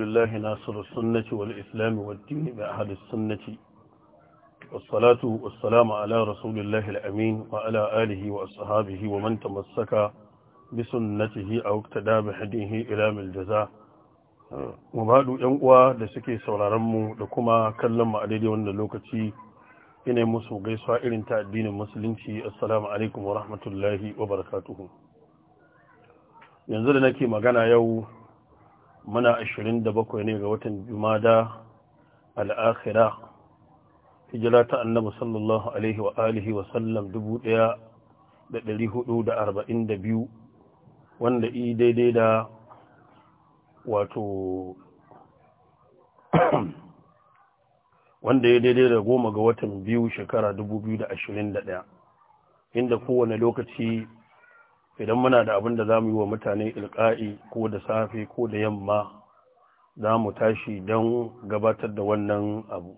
لله ناصر السنة والإسلام والدين بأحد السنة والصلاة والسلام على رسول الله الأمين وعلى آله وأصحابه ومن تمسك بسنته أو اقتدى بحديه إلى من الجزاء وبعد ينقوى لسكي سورارمو لكما كلم عليه وأن لوكتي إن مسو غيسوا إلين تعدين المسلمين السلام عليكم ورحمة الله وبركاته ينزل نكي مغانا يوم muna 27 ne ga watan jumada al'akhira hijira ta annabi sallallahu alaihi wa alihi wa sallam 1442 wanda i daidai da wato wanda ya daidai da goma ga watan biyu shekara 2021 inda kowane lokaci idan muna da abin da za mu yi wa mutane ilka'i ko da safe ko da yamma za mu tashi don gabatar da wannan abu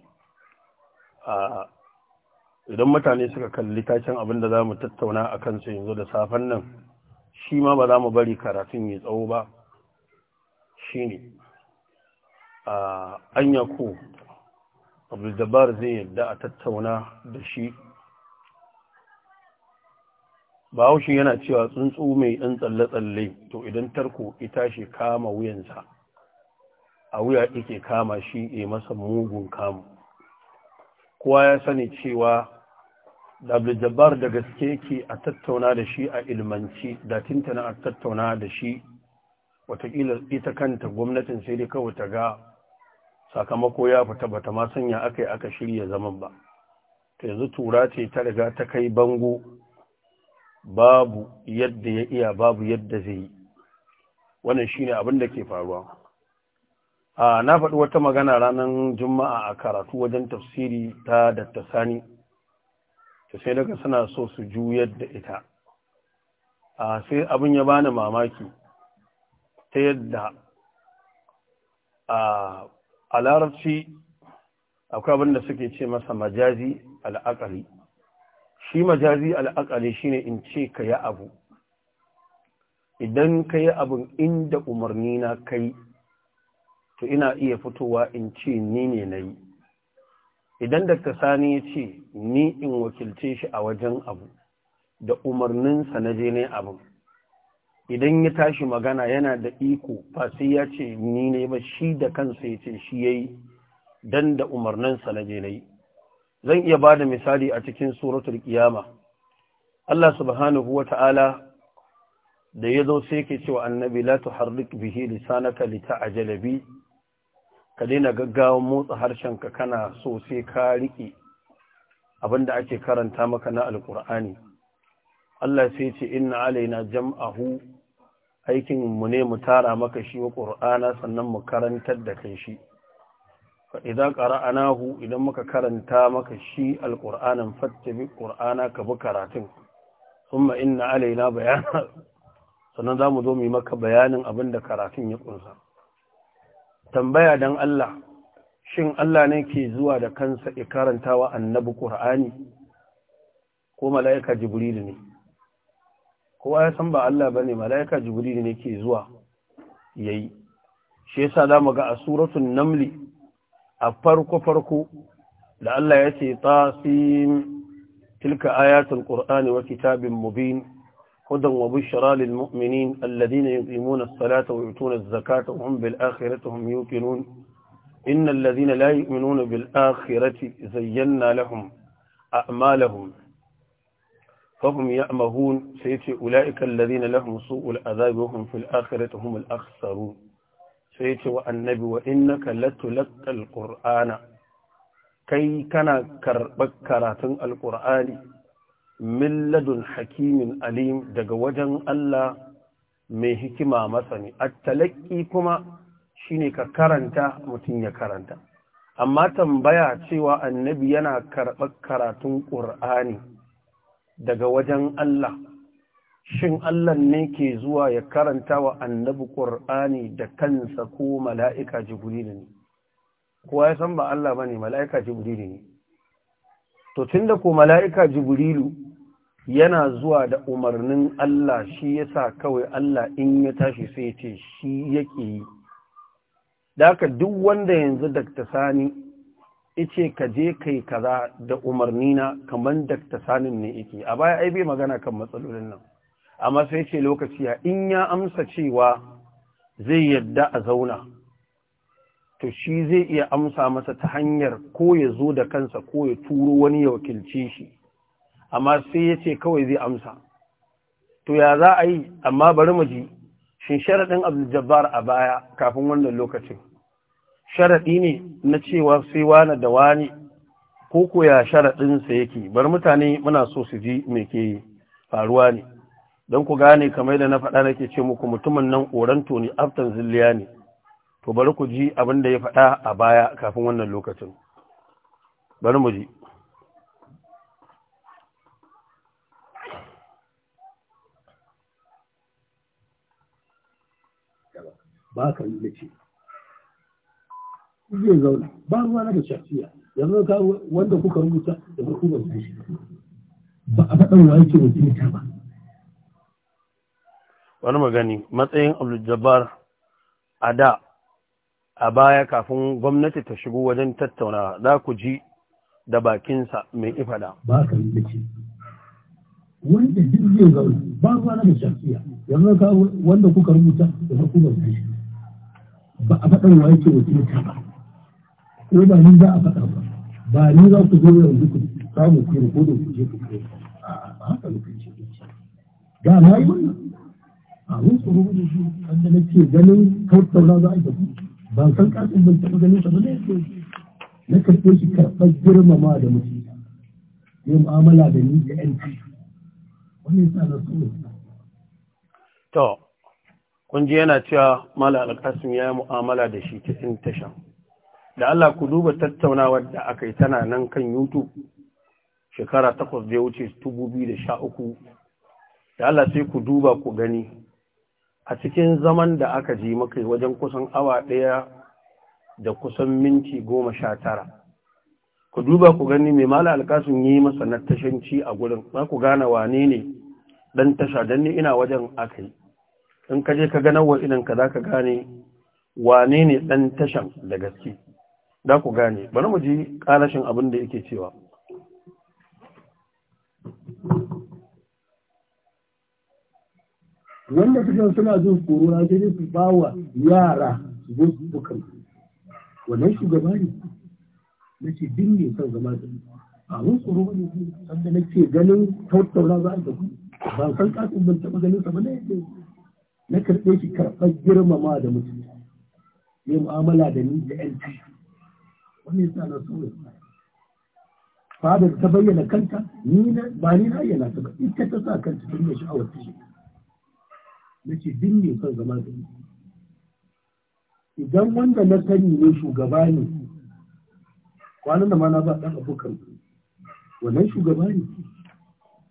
idan mutane suka kalli tashin abin da za mu tattauna a kansu yanzu da safen nan shi ma ba za mu bari karatun ya tsawo ba shi ne anya ko abdul zai yadda a tattauna da shi bahaushe yana cewa tsuntsu mai ɗan tsalle-tsalle to idan tarko ita shi kama wuyansa a wuya yake kama shi ya masa mugun kamu kowa ya sani cewa abdul jabbar da gaske yake a tattauna da shi a ilmanci da tintana a tattauna da shi watakila ita kanta gwamnatin sai dai kawai ta ga sakamako ya fita bata ma sanya aka yi aka shirya zaman ba ta yanzu tura ce ta riga ta kai bango babu yadda ya iya babu yadda zai yi wannan shine abin da ke faruwa a na faɗi wata magana ranar juma'a a karatu wajen tafsiri ta dattasani ta sai daga suna so su juyar da ita a sai abin ya bani mamaki ta yadda a larabci akwai abin da suke ce masa majazi al'akari shi majazi al'akali ne in ce ka yi abu idan ka yi abin inda umarni na kai to ina iya fitowa in ce ni ne na yi idan da sani ya ce ni in wakilce shi a wajen abu da umarninsa na je ne abin idan ya tashi magana yana da iko ba sai ya ce ni ne ba shi da kansa ya ce shi ya yi don da umarninsa na je na yi zan iya ba da misali a cikin suratul kiyama Allah subhanahu wa ta'ala da ya zo sai ke cewa annabi la tuharrik bihi lisanaka lita'ajala bi ka daina gaggawan motsa harshenka kana so sai ka rike abinda ake karanta maka na alkur'ani Allah sai ce inna alaina jam'ahu aikin mu ne mu tara maka shi wa qur'ana sannan mu karantar da kai shi idan qara'anahu idan muka karanta maka shi alƙur'anin fattabi ƙur'ana ka bi karatun kuma inna alaina bayana sannan za zo mu yi maka bayanin abin da karatun ya ƙunsa tambaya dan Allah shin Allah ne ke zuwa da kansa ya karantawa annabi ƙur'ani ko mala'ika Jibril ne kowa ya san ba Allah ba mala'ika Jibril ne ke zuwa yayi shi yasa zamu ga a suratun namli أفرق فرق لألا يتي طاسيم تلك آيات القرآن وكتاب مبين هدى وبشرى للمؤمنين الذين يقيمون الصلاة ويؤتون الزكاة وهم بالآخرة هم يوقنون إن الذين لا يؤمنون بالآخرة زينا لهم أعمالهم فهم يأمهون سيتي أولئك الذين لهم سوء العذاب وهم في الآخرة هم الأخسرون sai ce wa annabi wa innaka latulaqqal qur'ana kai kana karɓar karatun alqur'ani min ladun hakimin alim daga wajen Allah mai hikima masani at-talaqqi kuma shine ka karanta mutum ya karanta amma tambaya cewa annabi yana karɓar karatun ƙur'ani daga wajen Allah shin Allah ne ke zuwa ya karanta wa annabi ƙur'ani da kansa ko mala'ika Jibrilu ne kowa ya san ba Allah bane mala'ika Jibrilu ne to tunda ko mala'ika Jibrilu yana zuwa da umarnin Allah shi yasa kawai Allah in ya tashi sai ya ce shi yake yi Daka duk wanda yanzu Dr. Sani ice ka je kai kaza da umarnina kamar Dr. Sanin ne yake a baya ai bai magana kan matsalolin nan amma sai ce lokaci ya in ya amsa cewa zai yadda a zauna to shi zai iya amsa masa ta hanyar ko ya zo da kansa ko ya turo wani ya wakilce shi amma sai ya ce kawai zai amsa to ya za a yi amma bari mu ji shin sharaɗin abdul a baya kafin wannan lokacin sharaɗi ne na cewa sai wani da wani ko koya sharaɗinsa yake bar mutane muna so su ji me ke faruwa ne don ku gane kamar da na faɗa nake ce muku mutumin nan oranto ne aftan zilliya ne to bari ku ji abin da ya faɗa a baya kafin wannan lokacin bari mu ji ba ka yi zai zauna ba ruwa na da shafiya yanzu ka wanda kuka rubuta da kuma zai ba ba a faɗa wa yake ta ba wani magani matsayin abdul a da a baya kafin gwamnati ta shigo wajen tattauna za ku ji da bakinsa mai ifada ba ka yi ce wanda duk zai zaune ba ruwa na mashafiya yanzu ka wanda kuka rubuta da hukumar shi ba a faɗin wa yake yata ba ko ba ni za a faɗa ba ba ni za ku zo yanzu ku samu ku yi ku je ku kai a haka lokacin da na yi wannan a rusuru wanda ce ganin tattauna za a tafi ban san kasin ban taɓa ganin sa ba ne na karɓe shi karɓar girmama da mutum ya mu'amala da ni da yanci wani sa na so to kun ji yana cewa mala alkasim ya yi mu'amala da shi cikin tashan da Allah ku duba tattaunawar da aka yi tana nan kan YouTube shekara takwas da ya wuce 2013 da Allah sai ku duba ku gani a cikin zaman da aka ji maka wajen kusan awa ɗaya da kusan minti goma sha tara ku duba ku gani mai mala alkasun yi masa na tashanci a gurin za ku gane wane ne ɗan tasha don ni ina wajen aka yi in ka je ka ga wa idan ka za ka gane wane ne ɗan tashan da gaske za ku gane bari mu ji ƙarashin abin da yake cewa wanda suka suna jin tsoro na sai su ba wa yara su zo su wannan shugaba ne na ce din ne son zama da a mun tsoro ne sanda na ce ganin tattauna za a da ku ba san kasin ban taɓa ganin sa ba na yadda na karɓe shi karɓar girmama da mutum ya mu'amala da ni da yanci wannan yasa na so fadar ta bayyana kanta ni ba ni na yana ta ba ita ta sa kanta tun da sha'awar ta shi ce din ne son zama da idan wanda na sani ne shugaba ne kwanan da ma na ba dan abokan wannan shugaba ne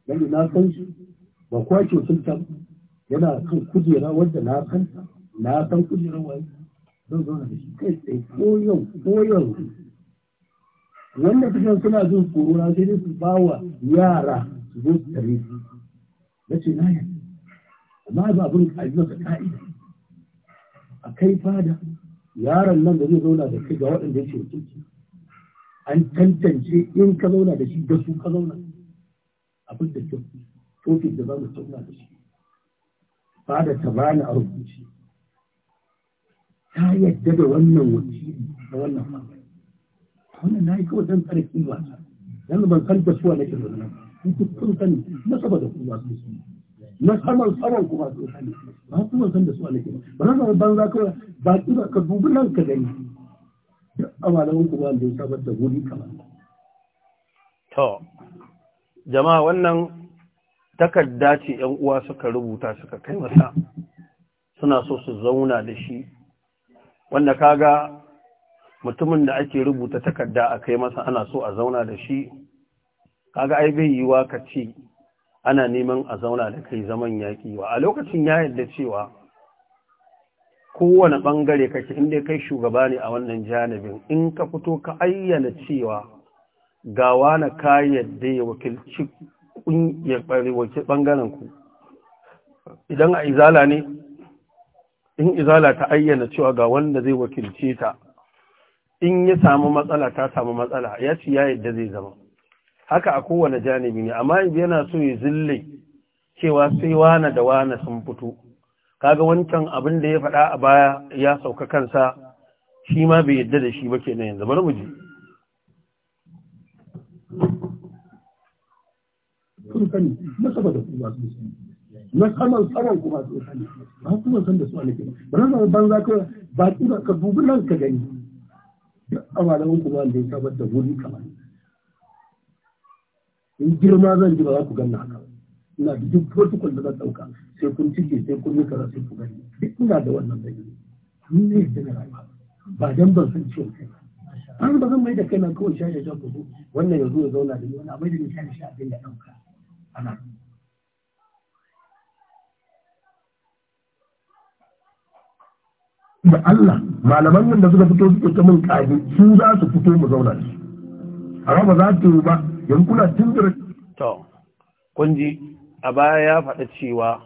dan na san shi ba kwace sulta yana kan kujera wanda na san na san kujera wai zan zauna da shi kai tsaye koyon, koyon. wanda kusan suna jin tsoro na sai dai su ba wa yara su zo su tare na ce na yadda amma ba abin a yi masa ka'ida a kai fada yaron nan da zai zauna da shi ga waɗanda ya ce an tantance in ka zauna da shi da su ka zauna abin da kyau topic da za mu tauna da shi fada ta bani a rubuce ta yadda da wannan wakili da wannan mamari wannan na yi kawai don tsarki ba yanzu ban san da suwa nake zaune kun kun sani na saba da kuma sun sani na saman saman kuma sun sani ba su ban san da su alake ba na saman banza kawai ba ki ba ka dubi nan ka gani amalan kuma da ya sabar da wuri kamar to jama'a wannan takarda ce yan uwa suka rubuta suka kai masa suna so su zauna da shi wanda kaga mutumin da ake rubuta takarda a kai masa ana so a zauna da shi kaga ai bai yiwa ka ce ana neman a zauna da kai zaman yaƙi wa a lokacin ya yarda cewa kowane ɓangare kake inda kai shugaba ne a wannan janibin in ka fito ka ayyana cewa gawa na ka yarda ya wakilci ɓangaren ku idan a izala ne in izala ta ayyana cewa ga wanda zai wakilce ta in ya samu matsala ta samu matsala ya ci ya yadda zai zama haka a kowane janibi ne amma yana so ya zille cewa sai wane da wane sun fito kaga wancan abin da ya faɗa a baya ya sauka kansa shi ma bai yadda da shi ba ke nan yanzu bari mu ji na saman kuma su sani ba kuma san da su a ba na banza ka ba ka dubi nan ka gani duk a malamin kuma da ya sabar da wuri kamar in girma zan ji ba za ku ganna haka ina da duk protocol da zan dauka sai kun cike sai kun yi kaza sai ku gani duk ina da wannan dalili ni ne da na rayuwa ba dan ban san ciwon kai ba an ba zan mai da kai na kawai shaye shan ku wannan yanzu ya zauna da ni wani mai da ni shaye shi abin da ɗauka ana da Allah malaman nan da suka fito suke ta mun kaji su za su fito mu zauna da su amma ba za su yi ba yanzu kuna jindir to kunji a baya ya faɗa cewa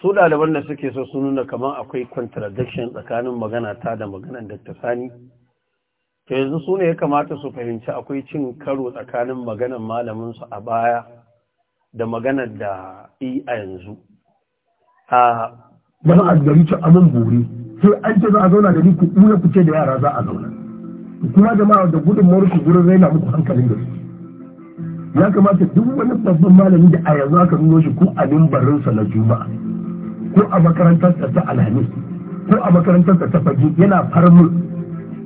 su ɗaliban da suke so su nuna kamar akwai contradiction tsakanin magana ta da maganar Dr. Sani to yanzu su ne ya kamata su fahimci akwai cin karo tsakanin maganar malamin su a baya da maganar da i a yanzu a bana a gari ci anan gobe sai an ce za a zauna da ni ku kula ku ce da yara za a zauna kuma jama'a da gudun gudunmawar ku gurin raina muku hankalin gaske ya kamata duk wani babban malami da a yanzu aka nuno shi ko a mimbarinsa na juma'a ko a makarantar ta alhamis ko a makarantarsa ta fage yana farmu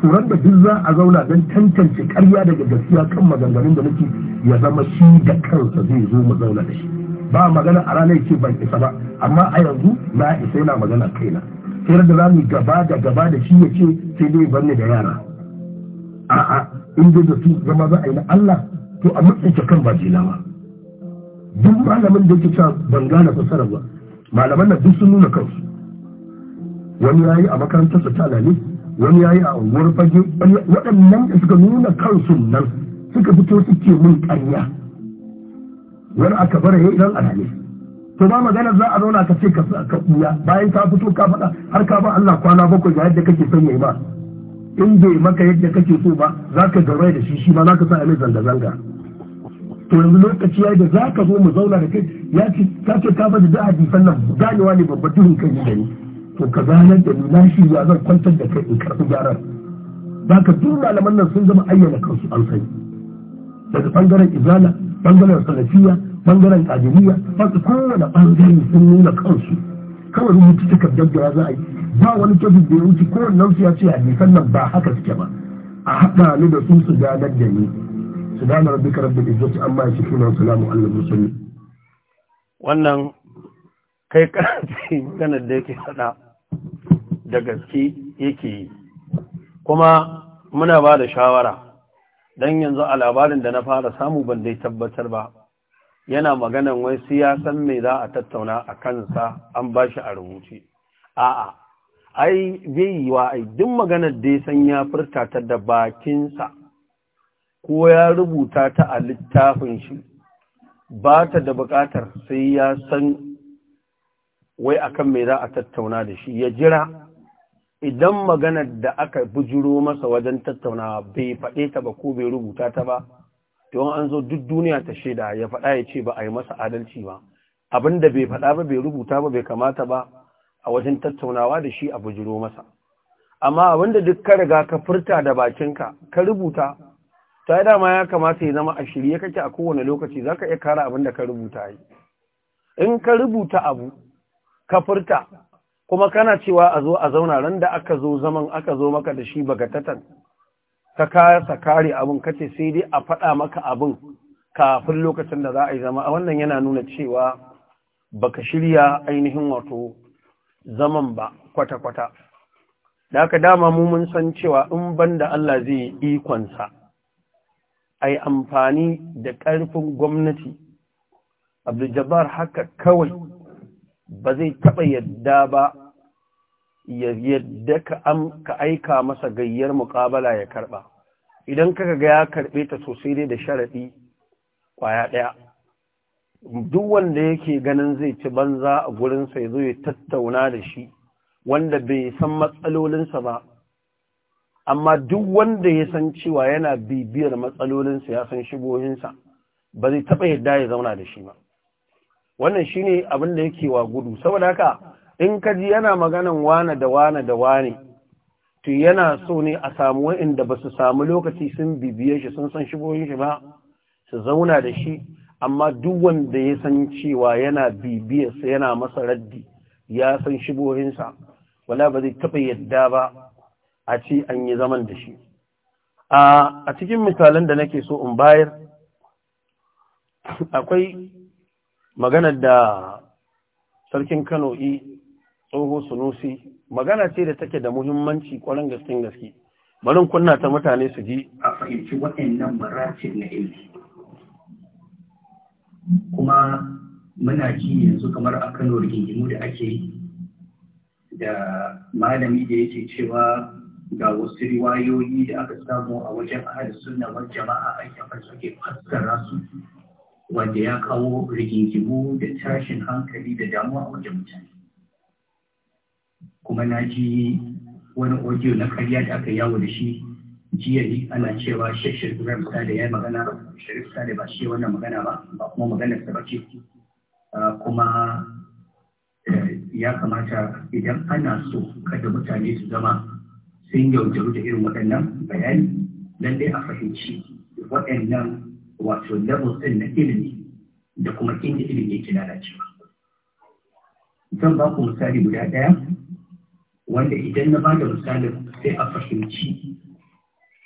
turan da duk za a zauna dan tantance karya daga gaskiya kan maganganun da nake ya zama shi da kansa zai zo mu zauna da shi ba magana a ranar ce ban isa ba amma a yanzu na isa yana magana kaina sai da za mu gaba da gaba da shi ya ce sai dai banne da yara a'a in da su zama za a yi na Allah to a matsayinka kan ba jelawa duk malamin da yake can ban gane fasara ba malaman nan duk sun nuna kansu wani yayi a makarantar sa tana ne wani yayi a unguwar fage waɗannan da suka nuna kansu nan suka fito suke mun ƙarya wani aka bara ya idan ana ne to ba magana za a zauna ka ce ka ɓuya bayan ka fito ka faɗa har ka ba Allah kwana bakwai ga yadda kake son yayi ba in bai maka yadda kake so ba za ka gauraya da shi shi ma za ka sa a mai zanga-zanga to yanzu lokaci ya da za ka zo mu zauna da kai ya ce ka ce ka bada da hadisan nan ganewa ne babban duhun kai ne gani to ka zanar da ni na shi ya zan kwantar da kai in karɓi gyara Ba ka duk malaman nan sun zama ayyana kansu an sani daga ɓangaren izala bangaren salafiya bangaren kajiriya fasu kowane ɓangare sun nuna kansu kawai rubuta takardar da za a yi ba wani kebin da ya wuce kowannen su ya ce hadisan nan ba haka suke ba a haɗa ni da su su ganar da ni wannan kai karanci maganar da yake faɗa da gaske yake yi kuma muna ba da shawara don yanzu a labarin da na fara samu ban dai tabbatar ba yana maganan wai siyasan mai za a tattauna a kansa an ba shi a rubuce a'a ai bai yi wa ai duk maganar da ya san ya furta ta da bakinsa ko ya rubuta ta a littafin shi ba ta da bukatar sai ya san wai akan mai za a tattauna da shi ya jira idan maganar da aka bujiro masa wajen tattaunawa bai faɗe ta ba ko bai rubuta ta ba to an zo duk duniya ta shaida ya faɗa ya ce ba a yi masa adalci ba abin da bai faɗa ba bai rubuta ba bai kamata ba a wajen tattaunawa da shi a bujiro masa amma abin da duk ka riga ka furta da bakinka ka rubuta ta yi dama ya kamata ya zama a shirye kake a kowane lokaci za ka iya kara abin da ka rubuta yi in ka rubuta abu ka furta kuma kana cewa a zo a zauna ran da aka zo zaman aka zo maka da shi bagatatan ka kasa kare abin kace sai dai a faɗa maka abin kafin lokacin da za a yi zama a wannan yana nuna cewa baka shirya ainihin wato zaman ba kwata-kwata da aka dama mu mun san cewa in banda Allah zai yi ikonsa Ai amfani da ƙarfin gwamnati abdul haka kawai ba zai taɓa yadda ba yadda ka aika masa gayyar muƙabala ya karɓa idan kaka ga ya karɓe ta sosai dai da sharaɗi ƙwaya ɗaya duk wanda yake ganin zai ci banza a gurinsa ya zo ya tattauna da shi wanda bai san matsalolinsa ba amma duk wanda ya san cewa yana bibiyar matsalolinsa ya san shigohinsa ba zai taɓa yadda ya zauna da shi ba wannan shi ne abin da yake wa gudu saboda haka in ka ji yana maganan wane da wane da wane to yana so ne a samu wa'inda ba su samu lokaci sun bibiye shi sun san shigohin shi ba su zauna da shi amma duk wanda ya san cewa yana bibiyarsa yana masa raddi ya san shigohinsa wala ba zai taɓa yadda ba a ci an yi zaman da shi a cikin misalan da nake so in bayar akwai maganar da sarkin Kano'i tsoho sunusi magana ce da take da muhimmanci ƙwarin gaskin gaske Barin kunna ta mutane su ji a fahimci waɗannan maracin na ilmi kuma muna ji yanzu kamar a Kano rigingimu da ake yi da malami da yake cewa ga wasu riwayoyi da aka samu a wajen ahal suna wa jama'a an yafa suke fassara su wanda ya kawo rigingimu da tashin hankali da damuwa a wajen mutane kuma na ji wani audio na karya da aka yawo da shi jiya ne ana cewa shashir ibrahim da ya magana sharif sale ba shi wannan magana ba ba kuma maganar sa ba ce ah, kuma eh, ya kamata idan ana so kada mutane su zama sun yaudaru da irin waɗannan bayani lallai a fahimci waɗannan wato levels ɗin na ilimi da kuma inda ilimi yake lalacewa. Zan ba ku misali guda ɗaya wanda idan na ba da misalin sai a fahimci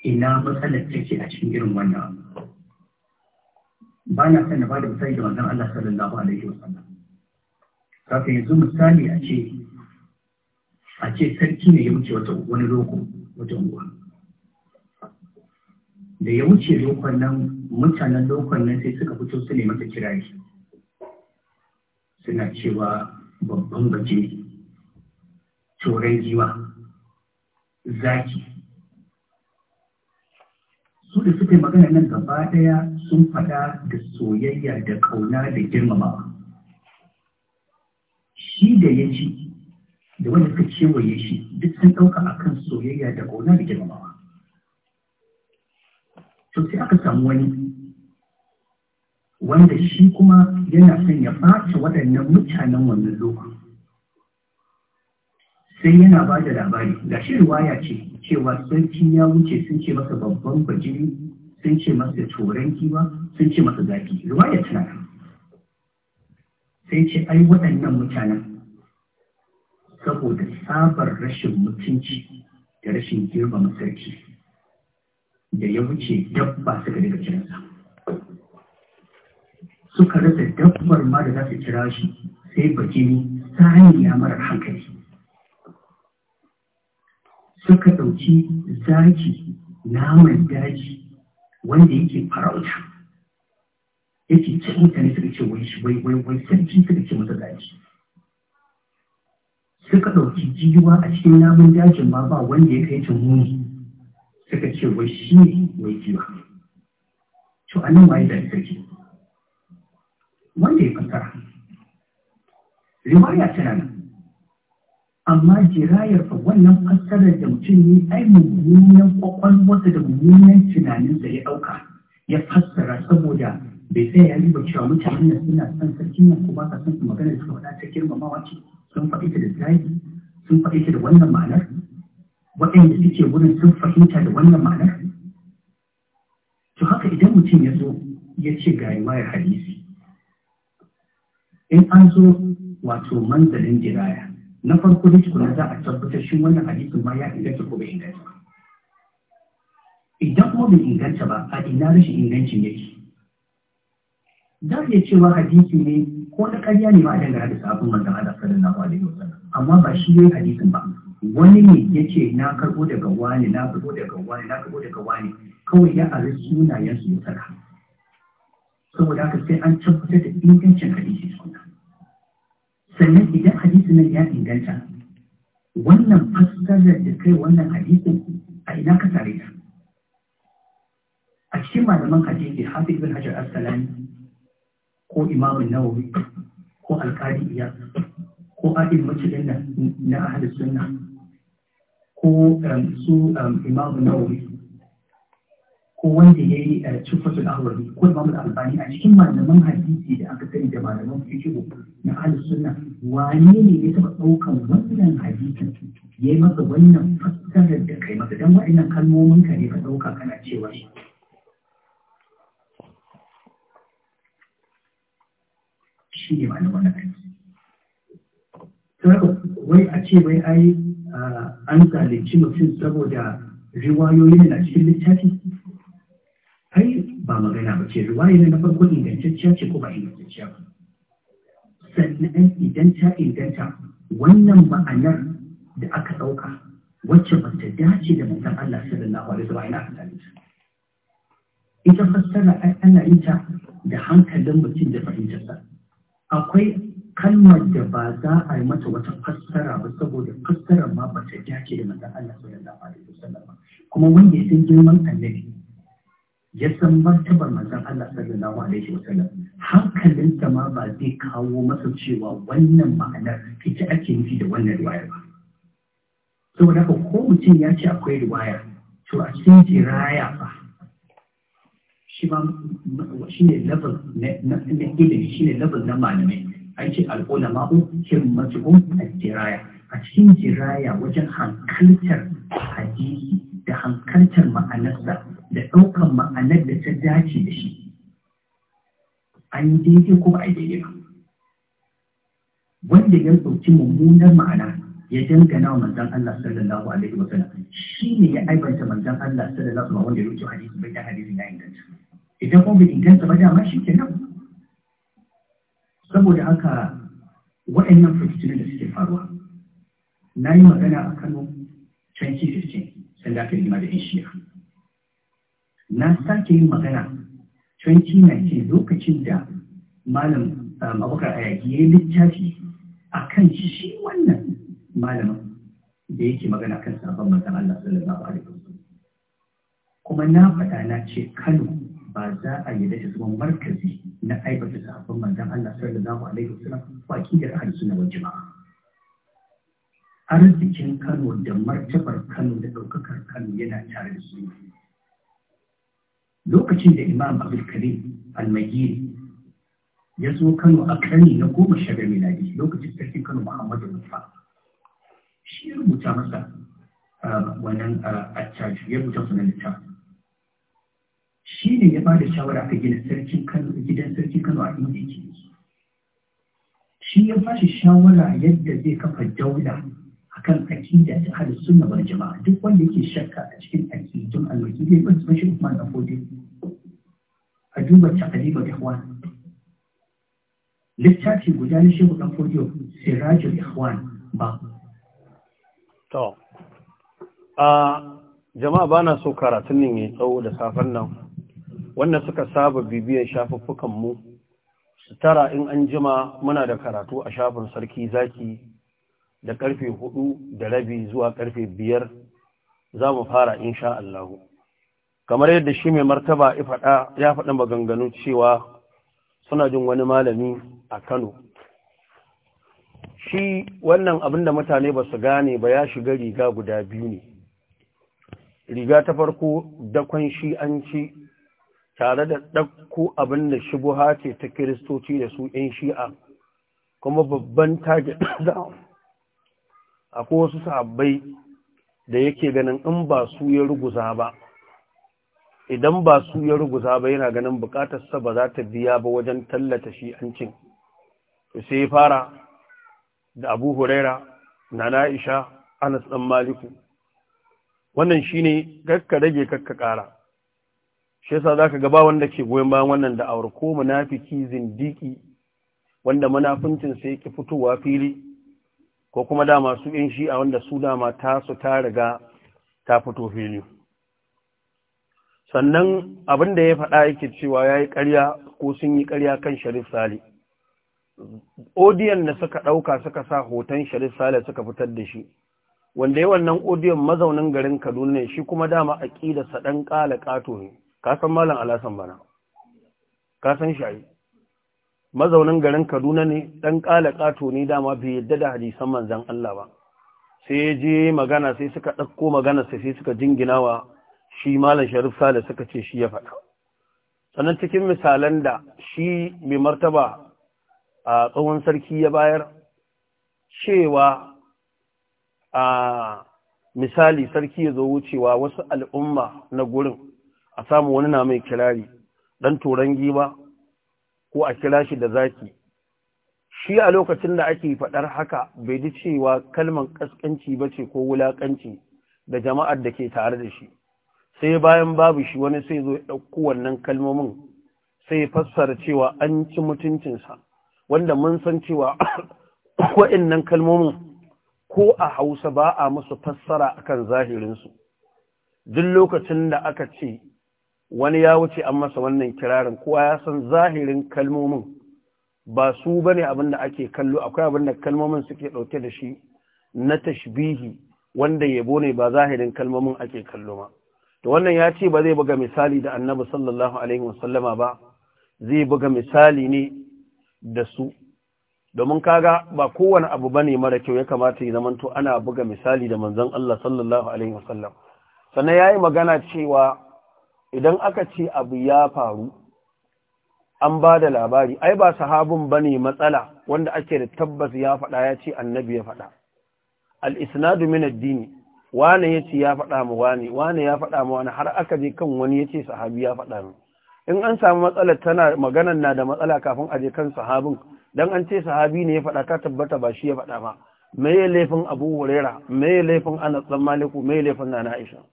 ina matsalar take a cikin irin wannan ba na son na ba da misali da wannan Allah sallallahu alaihi wa sallam. Kafin yanzu misali a ce a ce sarki ne ya wuce wata wani loko wata unguwa da ya wuce lokon nan mutanen lokon nan sai suka fito su ne masa kirari suna cewa babban baje turai giwa zaki su da suka yi magana nan gaba daya sun faɗa da soyayya da kauna da girmamawa shi da ya ci da wanda suka kewaye shi duk sun ɗauka a kan soyayya da ƙauna da girmamawa to sai aka samu wani wanda shi kuma yana son ya ɓace waɗannan mutanen wannan lokacin sai yana ba da labari ga shi riwaya ce cewa sarki ya wuce sun ce masa babban bajiri sun ce masa turan kiwa sun ce masa zafi riwaya tana sai ce ai waɗannan mutanen saboda sabar rashin mutunci da rashin girmama sarki da ya wuce dabba suka daga kiransa suka rasa dabbar ma da za su kira shi sai bajini saniya marar hankali suka ɗauki zaki naman daji wanda yake farauta yake cikin mutane suka ce wai wai wai sarki suka ce masa zaki suka ɗauki giwa a cikin namun dajin ma ba wanda ya kai ta muni suka ce wai shi ne mai giwa to a nan waye da sarki wanda ya fassara riwaya tana nan amma jirayar fa wannan fassarar da mutum ne ai mummunan kwakwalwarsa da mummunan da ya ɗauka ya fassara saboda bai tsaya ya riba cewa mutanen suna son sarkin nan ko ba ka son su magana da suka faɗa ta girmamawa ce sun faɗi ta da zaki sun faɗi ta da wannan ma'anar waɗanda suke wurin sun fahimta da wannan ma'anar to haka idan mutum ya zo ya ce ga riwayar hadisi in an zo wato manzalin diraya na farko da tukuna za a tabbatar shi wannan hadisin ma ya inganta ko bai inganta idan kuma bai inganta ba a ina rashin ingancin yake za su iya cewa hadisi ne ko na karya ne ba a dangane da sabon manzon Allah sallallahu alaihi wasallam amma ba shi ne hadisin ba wani ne ya ce na karbo daga wani na karbo daga wani na karbo daga wani kawai ya ari sunayen su mutaka saboda haka sai an tabbatar da ingancin hadisi suna sannan idan hadisin nan ya inganta wannan fassarar da kai wannan hadisin a ina ka tare ta a cikin malaman hadisi hafi ibn hajar assalani ko imamun nawawi ko alƙari iya ko aɗin maciɗin na na ahli sunna ko um, su um, imamun nawawi ko wanda ya yi cikin uh, awari ko imamun albani a cikin malaman hadisi da aka sani da malaman fikiru na ahli sunna wane ne ya taɓa ɗaukan wannan hadisin ya yi masa wannan fassarar da kai masa don waɗannan kalmomin ka ne ka ɗauka kana cewa shi shi ne ma'anar wannan hadisi wai a ce wai ai an zalunci mutum saboda riwayoyin na cikin littafi ai ba magana ba ce riwayoyin na farko ingantacciya ce ko ba ingantacciya ba sannan idan ta inganta wannan ma'anar da aka ɗauka wacce ba ta dace da manzon Allah sallallahu alaihi wasallam ina ta ita fassara ai ana yin ta da hankalin mutum da fahimtarsa akwai kalmar da ba za a yi mata wata fassara ba saboda fassara ma ba ta dace da manzon Allah sallallahu alaihi wasallam kuma wanda ya san girman annabi ya san martabar manzon Allah sallallahu alaihi wasallam hankalinsa ma ba zai kawo masa cewa wannan ma'anar ita ake nufi da wannan riwaya ba saboda ko mutum ya ce akwai riwaya to a cikin jiraya ba shi ma shi ne level na ilimi shi ne level na malamai an ce al'ulama'u himmatuhum al-diraya a cikin jiraya wajen hankaltar hadisi da hankaltar ma'anarsa da ɗaukar ma'anar da ta dace da shi an yi daidai ko a daidai ba wanda ya ɗauki mummunar ma'ana ya dangana wa manzan Allah sallallahu alaihi wa sallam shi ne ya aibanta manzan Allah sallallahu alaihi wa sallam wanda ya rubuta hadisi bai da hadisin ya inganta idan kuma bai inganta ba dama shi kenan saboda haka waɗannan fitinu da suke faruwa na yi magana a kano 2015 sanda aka yi da ishiya na sake yin magana 2019 lokacin da malam um, abokan ayaki ya yi littafi a kan shi wannan malamin da yake magana kan sabon mazan Allah sallallahu alaihi wasallam kuma na faɗa na ce Kano ba za a yi da isman markazi na aibata sahabban manzan Allah sallallahu alaihi wasallam ba kidar ahlus sunna wal jama'a arzikin Kano da martabar Kano da daukakar Kano yana tare da su lokacin da Imam Abdul Karim Al-Maghiri ya zo Kano a karni na goma sha biyar miladi lokacin sarkin Kano Muhammadu Mufa shi ya rubuta masa uh, wannan uh, a ya rubuta sunan littafin shi ne ya ba da shawara ka gina sarkin kano gidan sarkin kano a inda yake shi ya ba shi shawara yadda zai kafa daula akan aƙida ta ahlus sunna wal jama'a duk wanda yake shakka a cikin don alwaki zai ban sunan shi na Afodi a duba da ihwan littafi guda na Shehu Dan Fodiyo da Ihwan ba to a jama'a ba na so karatun ne ya tsawo da safen nan wannan suka saba bibiyar shafuffukanmu su tara in an jima muna da karatu a shafin sarki zaki da karfe hudu da rabi zuwa karfe biyar za mu fara insha Allah kamar yadda shi mai martaba ya faɗa maganganu cewa suna jin wani malami a Kano shi wannan abin da mutane ba su gane ba ya shiga riga guda biyu ne riga ta farko dakon shi an ci tare da ɗauko abin da shubuha ce ta kiristoci da su ‘yan shi'a kuma babban target da akwai wasu sabbai da yake ganin in ba su ya ruguza ba idan ba su ya ruguza ba yana ganin bukatarsa ba za ta biya ba wajen tallata shi an sai fara da abu huraira na na'isha anas ɗan maliku wannan shi shine kakka rage kakka ƙara shi yasa zaka ga ba wanda ke goyon bayan wannan da aure ko munafiki zindiki wanda munafincin sai yake fitowa fili ko kuma da masu yin shi a wanda su dama ta su ta riga ta fito fili sannan abin da ya faɗa yake cewa ya yi ƙarya ko sun yi ƙarya kan Sharif Sale odiyon da suka ɗauka suka sa hoton Sharif Sale suka fitar da shi wanda yawannan wannan odiyon mazaunin garin Kaduna ne shi kuma dama aqida sa ɗan ƙala ƙato ne ka san malam alasan bana ka san shayi mazaunin garin kaduna ne ɗan ƙala ƙato ne dama bai yadda da hadisan manzan Allah ba sai ya je magana sai suka ɗauko magana sai suka jingina wa shi malam sharif sale suka ce shi ya faɗa sannan cikin misalan da shi mai martaba a tsohon sarki ya bayar cewa a misali sarki ya zo wucewa wasu al'umma na gurin a samu wani na mai kirari dan turan giba ko a kira shi da zaki shi a lokacin da ake faɗar haka bai ji cewa kalman ƙasƙanci ba ce ko wulaƙanci da jama'ar da ke tare da shi sai bayan babu shi wani sai zo ya ɗauko wannan kalmomin sai fassara cewa an ci mutuncinsa wanda mun san cewa waɗannan kalmomin ko a hausa ba a musu fassara akan zahirinsu duk lokacin da aka ce wani ya wuce an masa wannan kirarin kowa ya san zahirin kalmomin ba su bane abin da ake kallo akwai abin da kalmomin suke ɗauke da shi na tashbihi wanda yabo ne ba zahirin kalmomin ake kallo ma to wannan ya ce ba zai buga misali da annabi sallallahu alaihi wasallama ba zai buga misali ne da su domin kaga ba kowane abu bane mara kyau ya kamata ya zamanto ana buga misali da manzon Allah sallallahu alaihi wasallam sannan yayi magana cewa idan aka ce abu ya faru an ba da labari ai ba sahabin ba ne matsala wanda ake da tabbas ya faɗa ya ce annabi ya faɗa al'isnadu min addini wane ya ce ya faɗa mu wane wane ya faɗa mu wane har aka je kan wani ya ce sahabi ya faɗa mu in an samu matsalar tana maganan na da matsala kafin a je kan sahabin Don an ce sahabi ne ya faɗa ka tabbata ba shi ya faɗa ba me ya laifin abu hurera me ya laifin anas dan maliku me ya laifin nana aisha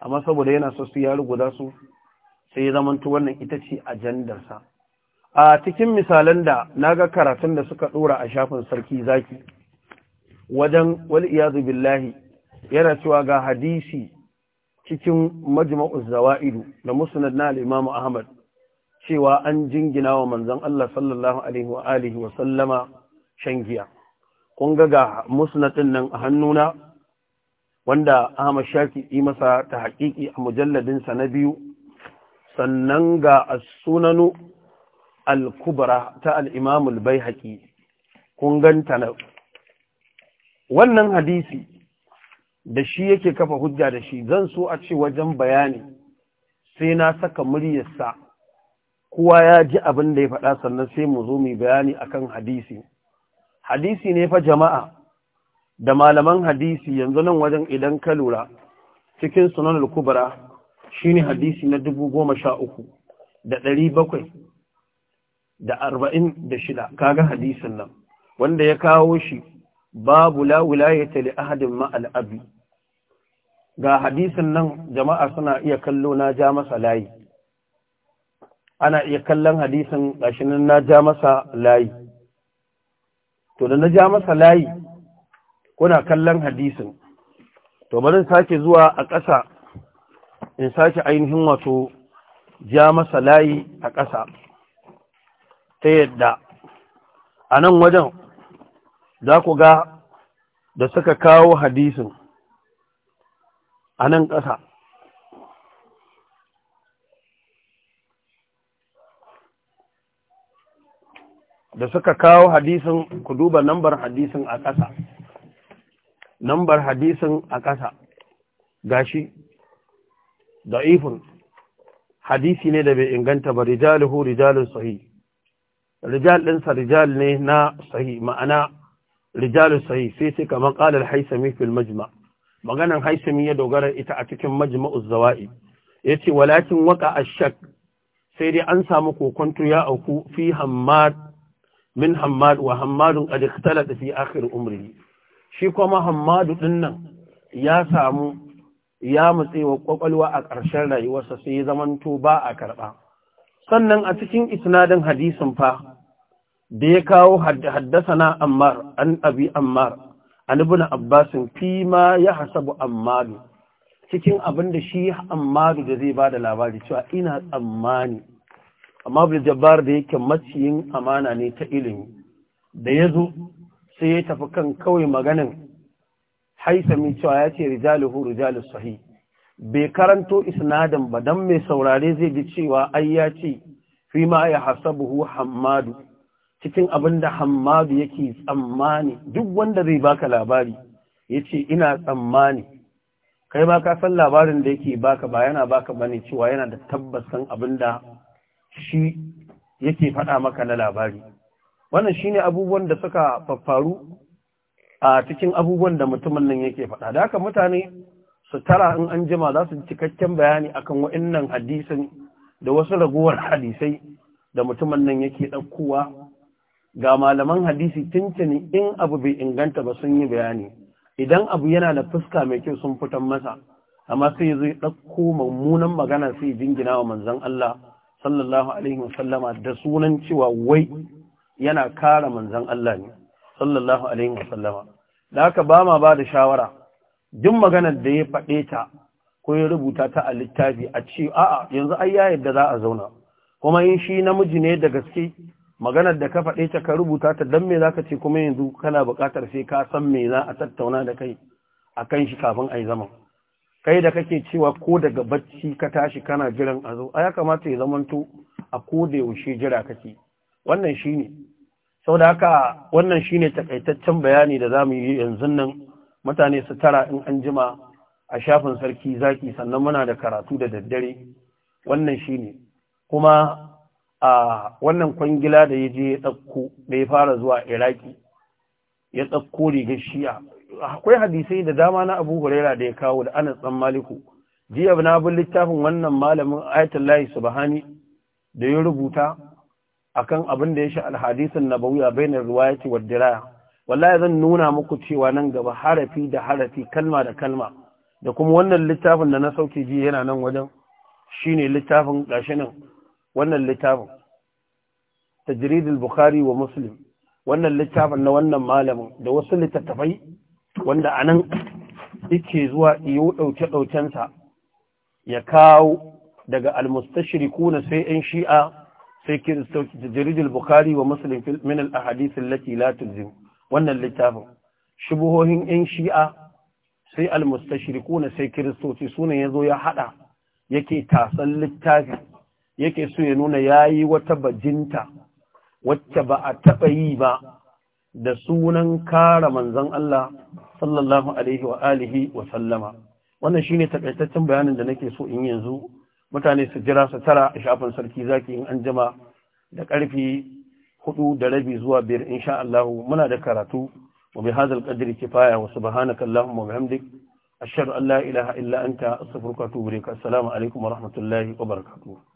amma saboda yana so su ya ruguza su sai ya zamanto wannan ita ce ajandarsa a cikin misalan da na ga karatun da suka dora a shafin sarki zaki wajen wal iyazu billahi yana cewa ga hadisi cikin majma'uz zawa'idu da musnad na al-imamu ahmad cewa an jingina wa manzon Allah sallallahu alaihi wa wa sallama shan giya kun ga ga musnadin nan a hannuna wanda Ahmad Shafi yi masa ta haƙiƙi a mujalladinsa na biyu sannan ga as-sunanu al-kubra ta al'imamul imam al kun ganta na wannan hadisi da shi yake kafa hujja da shi zan so a ce wajen bayani sai na saka muryarsa kowa ya ji abin da ya faɗa sannan sai mu zo mu bayani akan hadisi hadisi ne fa jama'a da malaman hadisi yanzu nan wajen idan ka lura cikin sunan al-kubra shine hadisi na uku da 700 da 46 kaga hadisin nan wanda ya kawo shi babu la wilayata li ahadin ma al-abi ga hadisin nan jama'a suna iya kallo na ja masa layi ana iya kallon hadisin gashi nan na ja masa layi to da na ja masa layi kuna kallon hadisin to bari sake zuwa a ƙasa in sake ainihin wato ja masa layi a ƙasa ta yadda a nan wajen za ku ga da suka kawo hadisin a nan ƙasa da suka kawo hadisin ku duba lambar hadisin a ƙasa nambar hadisin a ƙasa gashi daifin hadisi ne da bai inganta ba Rijalihu rijalun rijal ɗinsa rijal ne na sahi ma'ana Rijalusahi sai sai kamar ƙalar haisami fil majma maganan haisami ya dogara ita a cikin majma'uz Ya yace walakin waka ashak sai dai an samu kokonto ya auku fi hammad min hammad wa hammadun qad fi akhir umrihi shi kuma hammadu dinnan ya samu ya mutsewa ƙwaƙwalwa a ƙarshen rayuwarsa sai ya zamanto ba a karɓa sannan a cikin isnadin hadisin fa da ya kawo haddasana ammar an abi ammar an ibn abbas fi ma ya hasabu ammadu cikin abin da shi ammadu da zai bada labari cewa ina tsammani amma bil jabbar da yake maciyin amana ne ta ilimi da ya zo. sai ya tafi kan kawai maganin haisami cewa ya ce rijaluhu rijalus sahi bai karanto isnadin ba dan mai saurare zai ji cewa ai ya ce fi ma ya hasabuhu hammadu cikin abin da hammadu yake tsammani duk wanda zai baka labari ya ce ina tsammani kai ma ka san labarin da yake baka ba yana baka bane cewa yana da tabbasan abin da shi yake faɗa maka na labari wannan shine abubuwan da suka faffaru a cikin abubuwan da mutumin nan yake faɗa da haka mutane su tara in an jima za su cikakken bayani akan wa'annan hadisin da wasu raguwar hadisai da mutumin nan yake ɗaukowa ga malaman hadisi tuntuni in abu bai inganta ba sun yi bayani idan abu yana da fuska mai kyau sun fitan masa amma sai zai ɗauko mummunan magana sai jingina wa manzan Allah sallallahu alaihi wasallama da sunan cewa wai yana kara manzan Allah ne sallallahu alaihi wasallama da aka ba ma ba da shawara duk maganar da ya faɗe ta ko ya rubuta ta a littafi a ce a'a yanzu ai ya yadda za a zauna kuma in shi namiji ne da gaske maganar da ka faɗe ta ka rubuta ta don me za ka ce kuma yanzu kana buƙatar sai ka san me za a tattauna da kai a kan shi kafin a yi zaman kai da kake cewa ko daga bacci ka tashi kana jiran a zo a ya kamata ya zamanto a ko da yaushe jira kake wannan sau da haka wannan shine takaitaccen bayani da za mu yi yanzu nan mutane su tara in an jima a shafin sarki zaki sannan muna da karatu da daddare wannan shine kuma a wannan kwangila da ya je ya ɗauko da ya fara zuwa iraki ya ɗauko rigar shi'a akwai hadisai da dama na abu huraira da ya kawo da anas ɗan maliku jiya na bin littafin wannan malamin ayatullahi subhani da ya rubuta akan abin da ya shi alhadisin nabawiya bainar riwayati wa diraya wallahi zan nuna muku cewa nan gaba harafi da harafi kalma da kalma da kuma wannan littafin da na sauke ji yana nan wajen shine littafin gashi nan wannan littafin tajridul bukhari wa muslim wannan littafin na wannan malamin da wasu littattafai wanda anan yake zuwa iyo dauke ɗaukensa ya kawo daga na sai yan shi'a sai kiristoci jaridul bukhari wa muslim min al ahadith allati la tulzim wannan littafin shubuhohin yan shi'a sai al mustashrikuna sai kiristoci sunan yazo ya hada yake tasan littafi yake so ya nuna yayi wata bajinta wacce ba a taba yi ba da sunan kare manzon Allah sallallahu alaihi wa alihi wa sallama wannan shine takaitaccen bayanin da nake so in yanzu mutane su jira su tara a shafin sarki zaki in an jima da ƙarfi hudu da rabi zuwa biyar insha Allah muna da karatu wa bi hazal qadri kifaya wa subhanaka allahumma wa bihamdik ashhadu an la ilaha illa anta astaghfiruka wa atubu ilaik assalamu alaikum wa rahmatullahi wa barakatuh